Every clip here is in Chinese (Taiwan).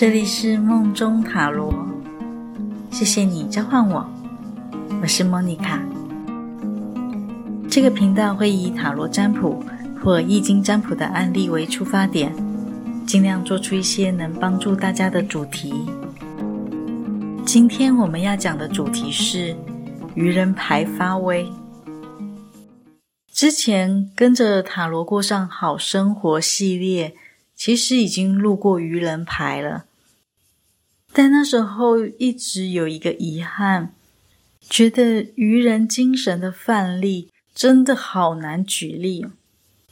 這裡是夢中塔羅，謝謝你召喚我，我是莫妮卡。這個頻道會以塔羅占卜或易經占卜的案例為出發點，盡量做出一些能幫助大家的主題。今天我們要講的主題是愚人牌發威。之前跟着塔羅過上好生活系列，其實已經路過愚人牌了。但那時候一直有一個遺憾，覺得愚人精神的範例真的好難舉例。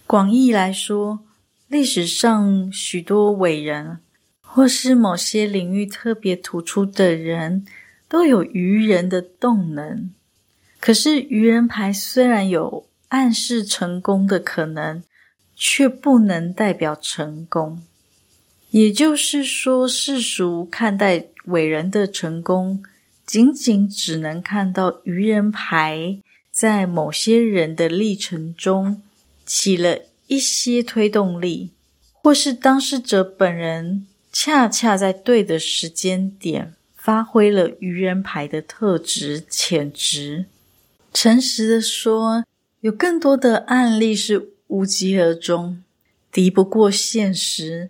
廣義來說，歷史上許多偉人，或是某些領域特別突出的人，都有愚人的動能。可是愚人牌雖然有暗示成功的可能，卻不能代表成功。也就是說，世俗看待偉人的成功，僅僅只能看到愚人牌在某些人的歷程中起了一些推動力，或是當事者本人恰恰在對的時間點發揮了愚人牌的特質潛質。誠實地說，有更多的案例是無疾而終，敵不過現實。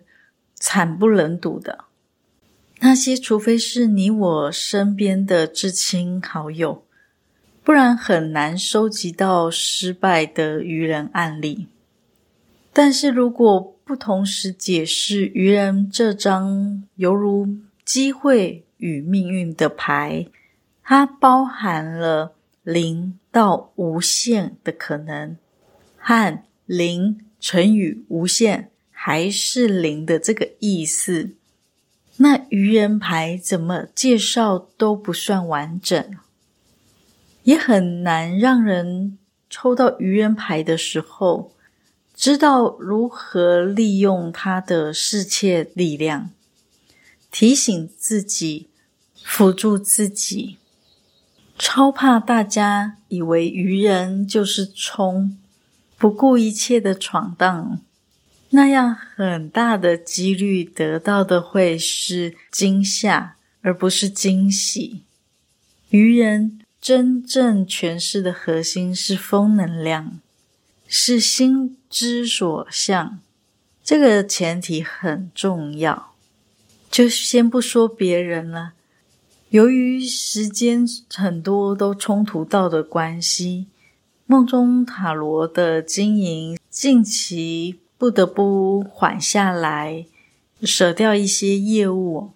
慘不忍睹的那些，除非是你我身邊的至親好友，不然很難收集到失敗的愚人案例。但是，如果不同時解釋愚人這張猶如機會與命運的牌，它包含了零到無限的可能，和零乘以無限。還是零的這個意思。那愚人牌怎麼介紹都不算完整，也很難讓人抽到愚人牌的時候知道如何利用它的世界力量，提醒自己，輔助自己。超怕大家以為愚人就是衝，不顧一切的闖蕩。那樣很大的幾率得到的會是驚嚇，而不是驚喜。愚人真正詮釋的核心是風能量，是心之所向。這個前提很重要。就先不說別人了，由於時間很多都衝突到的關係，夢中塔羅的經營近期。不得不緩下來，捨掉一些業務。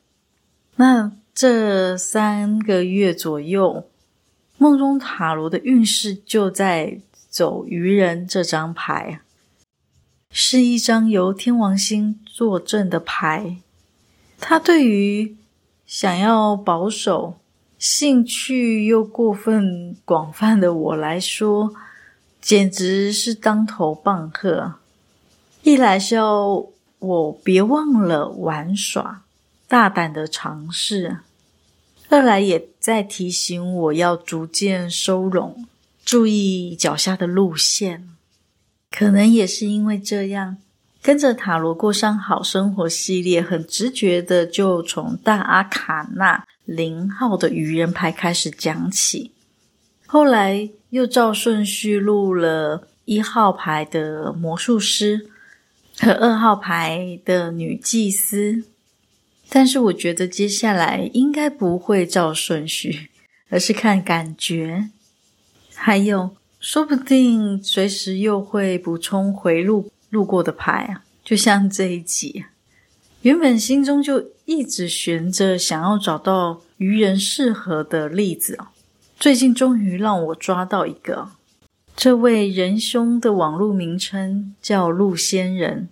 那這三個月左右，夢中塔羅的運勢就在走愚人這張牌，是一張由天王星坐鎮的牌。它對於想要保守、興趣又過分廣泛的我來說，簡直是當頭棒喝。一來是要我別忘了玩耍、大膽的嘗試；二來也在提醒我要逐漸收攏，注意腳下的路線。可能也是因為這樣，跟着塔羅過上好生活系列，很直覺的就從大阿卡那零號的愚人牌開始講起，後來又照順序錄了一號牌的魔術師。和二號牌的女祭司。但是我覺得接下來應該不會照順序，而是看感覺。還有，說不定隨時又會補充回路路過的牌啊，就像這一集，原本心中就一直懸着，想要找到愚人適合的例子哦，最近終於讓我抓到一個。這位仁兄的網絡名稱叫陸仙人，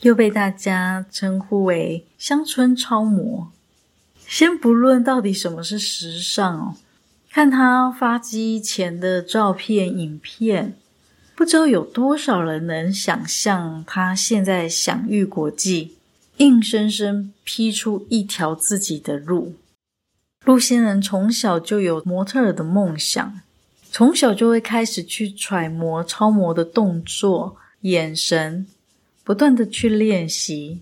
又被大家稱呼為鄉村超模。先不論到底什麼是時尚哦，看他發迹前的照片、影片，不知道有多少人能想象他現在享譽國際，硬生生劈出一條自己的路。陸仙人從小就有模特兒的夢想。從小就會開始去揣摩超模的動作、眼神，不斷的去練習。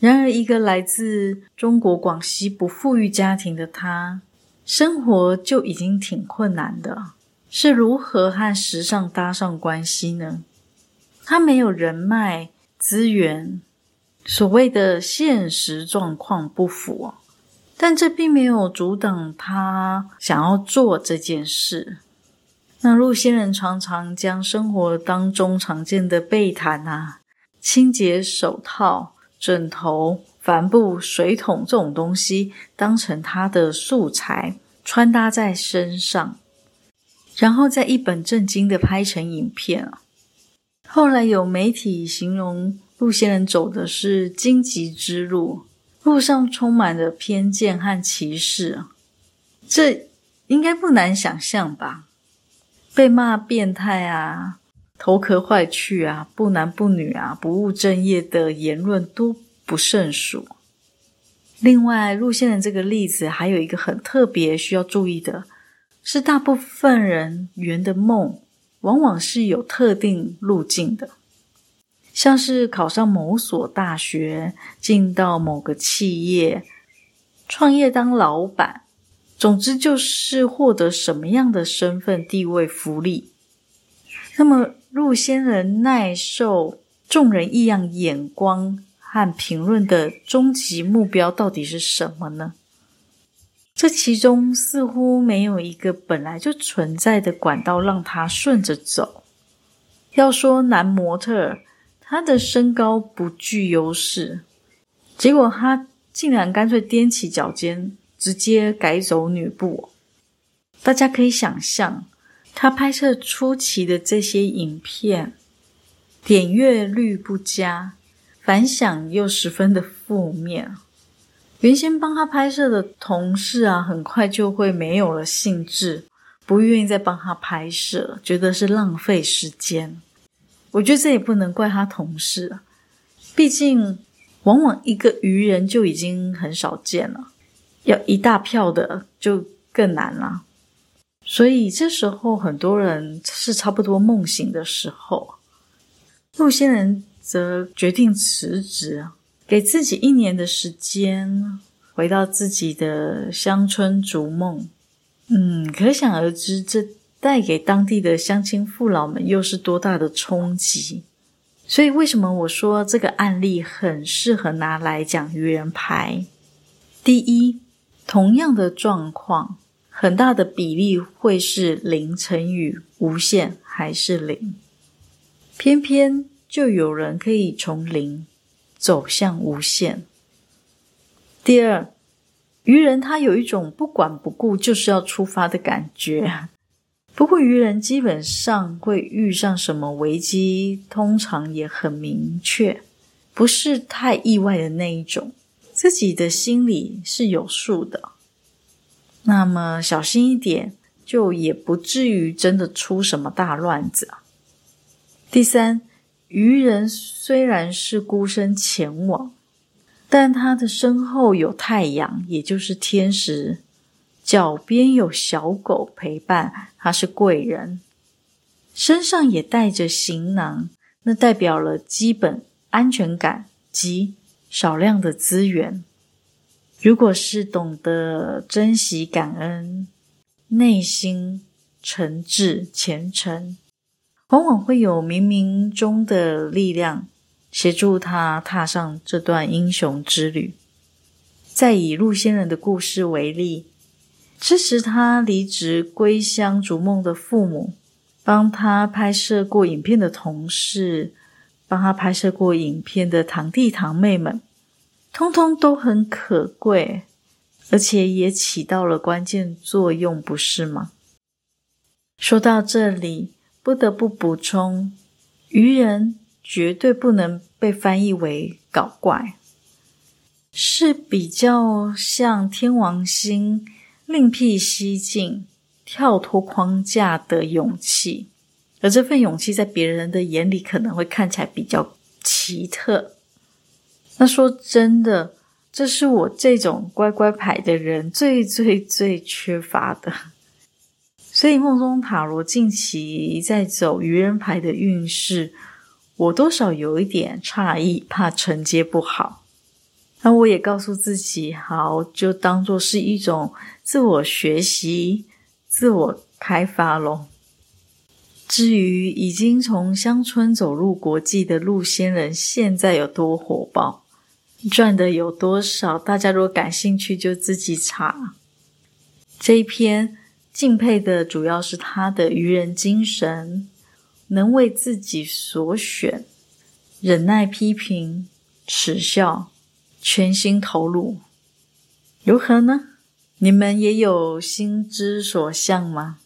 然而，一個來自中國廣西不富裕家庭的他，生活就已經挺困難的，是如何和時尚搭上關係呢？他沒有人脈、資源，所謂的現實狀況不符，但這並沒有阻擋他想要做這件事。那陸仙人常常將生活當中常見的被毯啊，清潔手套、枕頭、帆布、水桶這種東西當成他的素材，穿搭在身上，然後再一本正經的拍成影片啊。後來有媒體形容陸仙人走的是荊棘之路，路上充滿了偏見和歧視啊。這應該不難想象吧？被罵變態啊，頭殼壞去啊，不男不女啊，不務正業的言論都不勝數。另外，路線的這個例子還有一個很特別需要注意的，是大部分人圓的夢往往是有特定路徑的，像是考上某所大學，進到某個企業，創業當老闆。總之，就是獲得什麼樣的身份、地位、福利。那麼，陸仙人耐受眾人異樣眼光和評論的終極目標到底是什麼呢？這其中似乎沒有一個本來就存在的管道讓他順着走。要說男模特兒，他的身高不具優勢，結果他竟然乾脆踮起腳尖。直接改走女步，大家可以想象，他拍攝初期的這些影片，點閱率不佳，反響又十分的負面。原先幫他拍攝的同事啊，很快就會沒有了興致，不願意再幫他拍攝了，覺得是浪費時間。我覺得這也不能怪他同事啊，畢竟往往一個愚人就已經很少見了。要一大票的就更難了，所以這時候很多人是差不多夢醒的時候，陸先生則決定辭職，給自己一年的時間回到自己的鄉村逐夢。嗯，可想而知，這帶給當地的鄉親父老們又是多大的衝擊。所以，為什麼我說這個案例很適合拿來講愚人牌？第一。同樣的狀況，很大的比例會是零乘以無限還是零，偏偏就有人可以從零走向無限。第二，愚人他有一種不管不顧，就是要出發的感覺，不過愚人基本上會遇上什麼危機，通常也很明確，不是太意外的那一種。自己的心裡是有數的，那麼小心一點，就也不至於真的出什麼大亂子。第三，愚人雖然是孤身前往，但他的身後有太陽，也就是天時；腳邊有小狗陪伴，他是貴人；身上也帶着行囊，那代表了基本安全感及，少量的資源，如果是懂得珍惜、感恩、內心誠摯、虔誠，往往會有冥冥中的力量協助他踏上這段英雄之旅。再以陸仙人的故事為例，支持他離職歸鄉逐夢的父母，幫他拍攝過影片的同事。幫他拍攝過影片的堂弟堂妹們，通通都很可貴，而且也起到了關鍵作用，不是嗎？說到這裡，不得不補充：愚人絕對不能被翻譯為搞怪，是比較像天王星，另闢蹊徑、跳脫框架的勇氣。而這份勇氣在別人的眼裡可能會看起來比較奇特。那說真的，這是我這種乖乖牌的人最最最最缺乏的。所以夢中塔羅近期在走愚人牌的運勢，我多少有一點詫異，怕承接不好。那我也告訴自己，好，就當做是一種自我學習、自我開發嘍。至於已經從鄉村走入國際的陸仙人，現在有多火爆，賺的有多少？大家如果感興趣，就自己查。這一篇敬佩的主要是他的愚人精神，能為自己所選，忍耐批評、恥笑，全心投入，如何呢？你們也有心之所向嗎？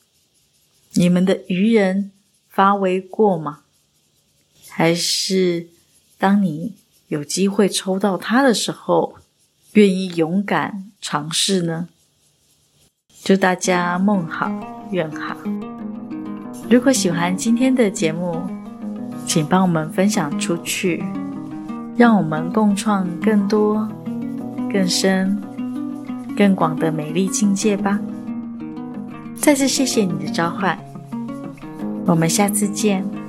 你們的愚人發威過嗎？還是當你有機會抽到它的時候，願意勇敢嘗試呢？祝大家夢好，願好。如果喜歡今天的節目，請幫我們分享出去，讓我們共創更多、更深、更廣的美麗境界吧。再次謝謝你的召喚，我們下次見。